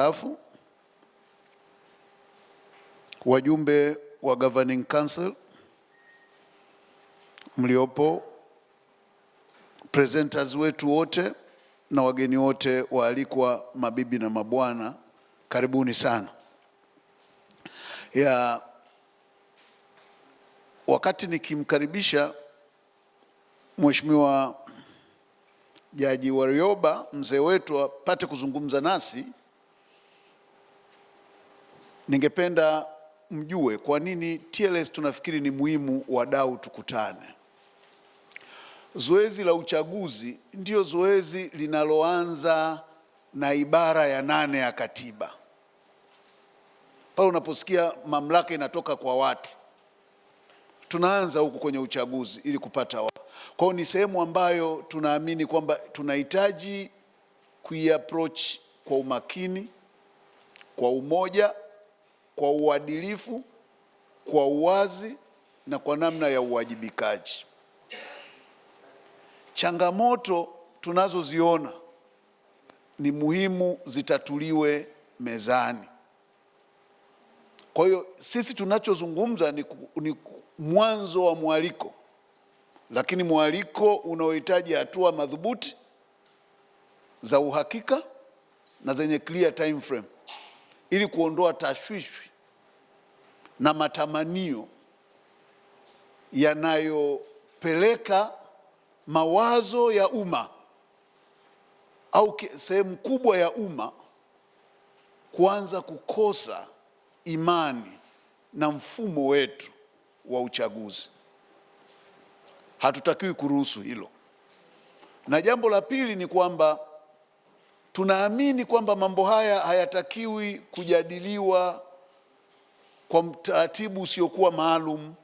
Alafu wajumbe wa governing council mliopo, presenters wetu wote na wageni wote waalikwa, mabibi na mabwana, karibuni sana ya wakati nikimkaribisha Mheshimiwa Jaji Warioba mzee wetu apate kuzungumza nasi ningependa mjue kwa nini TLS tunafikiri ni muhimu wadau tukutane. Zoezi la uchaguzi ndio zoezi linaloanza na ibara ya nane ya katiba, pale unaposikia mamlaka inatoka kwa watu, tunaanza huku kwenye uchaguzi ili kupata watu. Kwa hiyo ni sehemu ambayo tunaamini kwamba tunahitaji kuiapproach kwa umakini, kwa umoja kwa uadilifu, kwa uwazi na kwa namna ya uwajibikaji. Changamoto tunazoziona ni muhimu zitatuliwe mezani. Kwa hiyo sisi tunachozungumza ni, ni mwanzo wa mwaliko, lakini mwaliko unaohitaji hatua madhubuti za uhakika na zenye clear time frame ili kuondoa tashwishwi na matamanio yanayopeleka mawazo ya umma au sehemu kubwa ya umma kuanza kukosa imani na mfumo wetu wa uchaguzi. Hatutakiwi kuruhusu hilo. Na jambo la pili ni kwamba tunaamini kwamba mambo haya hayatakiwi kujadiliwa kwa mtaratibu usiokuwa maalum,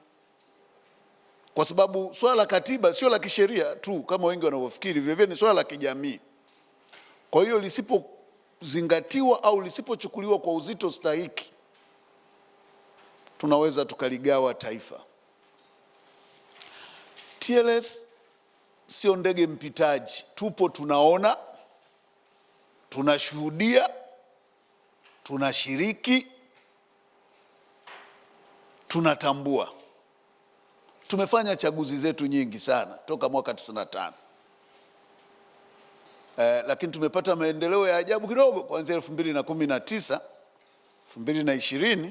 kwa sababu swala la katiba sio la kisheria tu kama wengi wanavyofikiri, vilevile ni swala la kijamii. Kwa hiyo lisipozingatiwa au lisipochukuliwa kwa uzito stahiki, tunaweza tukaligawa taifa. TLS sio ndege mpitaji, tupo tunaona, tunashuhudia, tunashiriki tunatambua. Tumefanya chaguzi zetu nyingi sana toka mwaka 95 eh, lakini tumepata maendeleo ya ajabu kidogo kuanzia 2019, 2020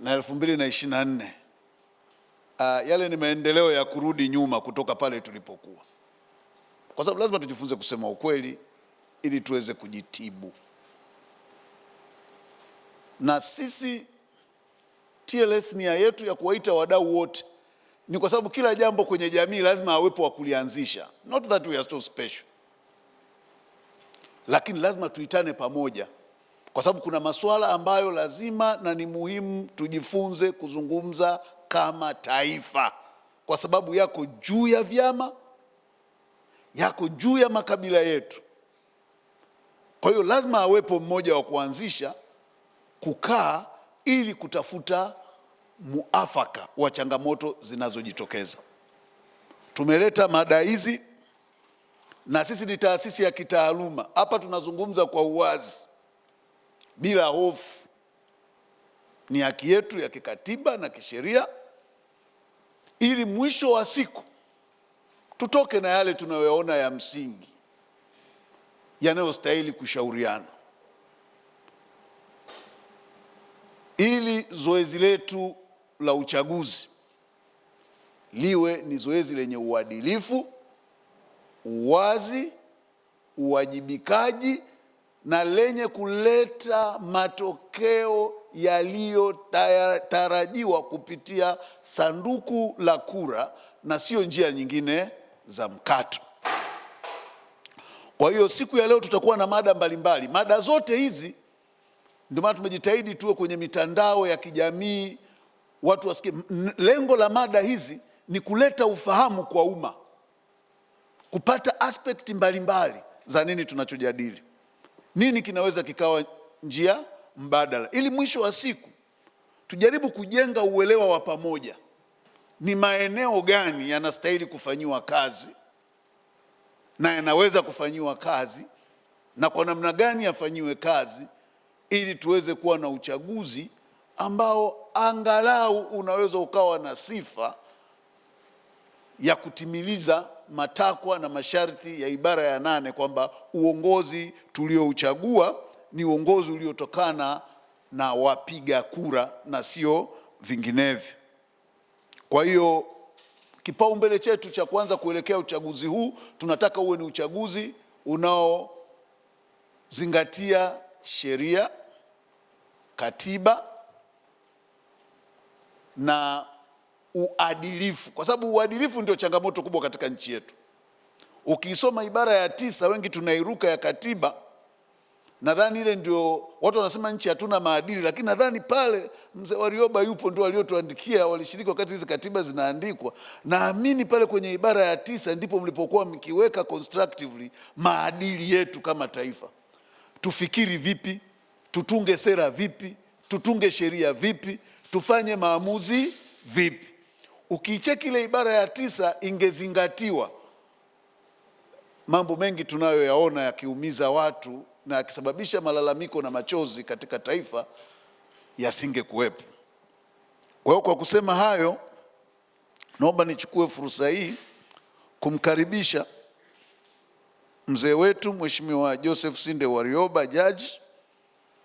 na 2024. Uh, ah, yale ni maendeleo ya kurudi nyuma kutoka pale tulipokuwa, kwa sababu lazima tujifunze kusema ukweli ili tuweze kujitibu na sisi TLS nia yetu ya kuwaita wadau wote ni kwa sababu kila jambo kwenye jamii lazima awepo wa kulianzisha, not that we are so special, lakini lazima tuitane pamoja, kwa sababu kuna masuala ambayo lazima na ni muhimu tujifunze kuzungumza kama taifa, kwa sababu yako juu ya vyama, yako juu ya makabila yetu. Kwa hiyo lazima awepo mmoja wa kuanzisha kukaa ili kutafuta muafaka wa changamoto zinazojitokeza. Tumeleta mada hizi, na sisi ni taasisi ya kitaaluma hapa, tunazungumza kwa uwazi bila hofu. Ni haki yetu ya kikatiba na kisheria, ili mwisho wa siku tutoke na yale tunayoyaona ya msingi yanayostahili kushauriana. ili zoezi letu la uchaguzi liwe ni zoezi lenye uadilifu, uwazi, uwajibikaji na lenye kuleta matokeo yaliyotarajiwa kupitia sanduku la kura na sio njia nyingine za mkato. Kwa hiyo siku ya leo tutakuwa na mada mbalimbali mbali. Mada zote hizi ndio maana tumejitahidi tuwe kwenye mitandao ya kijamii, watu wasikie. Lengo la mada hizi ni kuleta ufahamu kwa umma, kupata aspekti mbalimbali za nini tunachojadili, nini kinaweza kikawa njia mbadala, ili mwisho wa siku tujaribu kujenga uelewa wa pamoja, ni maeneo gani yanastahili kufanyiwa kazi na yanaweza kufanyiwa kazi na kwa namna gani yafanyiwe kazi ili tuweze kuwa na uchaguzi ambao angalau unaweza ukawa na sifa ya kutimiliza matakwa na masharti ya ibara ya nane kwamba uongozi tuliouchagua ni uongozi uliotokana na wapiga kura na sio vinginevyo. Kwa hiyo kipaumbele chetu cha kwanza kuelekea uchaguzi huu tunataka uwe ni uchaguzi unaozingatia sheria, katiba na uadilifu, kwa sababu uadilifu ndio changamoto kubwa katika nchi yetu. Ukiisoma ibara ya tisa, wengi tunairuka ya katiba. Nadhani ile ndio watu wanasema nchi hatuna maadili, lakini nadhani pale mzee Warioba yupo, ndio waliotuandikia, walishiriki wakati hizi katiba zinaandikwa. Naamini pale kwenye ibara ya tisa ndipo mlipokuwa mkiweka constructively maadili yetu kama taifa tufikiri vipi, tutunge sera vipi, tutunge sheria vipi, tufanye maamuzi vipi. Ukicheki ile ibara ya tisa ingezingatiwa, mambo mengi tunayoyaona yakiumiza watu na yakisababisha malalamiko na machozi katika taifa yasingekuwepo. Kwa hiyo kwa kusema hayo, naomba nichukue fursa hii kumkaribisha mzee wetu Mheshimiwa Joseph Sinde Warioba, jaji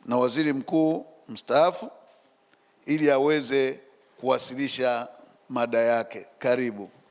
na waziri mkuu mstaafu, ili aweze kuwasilisha mada yake. Karibu.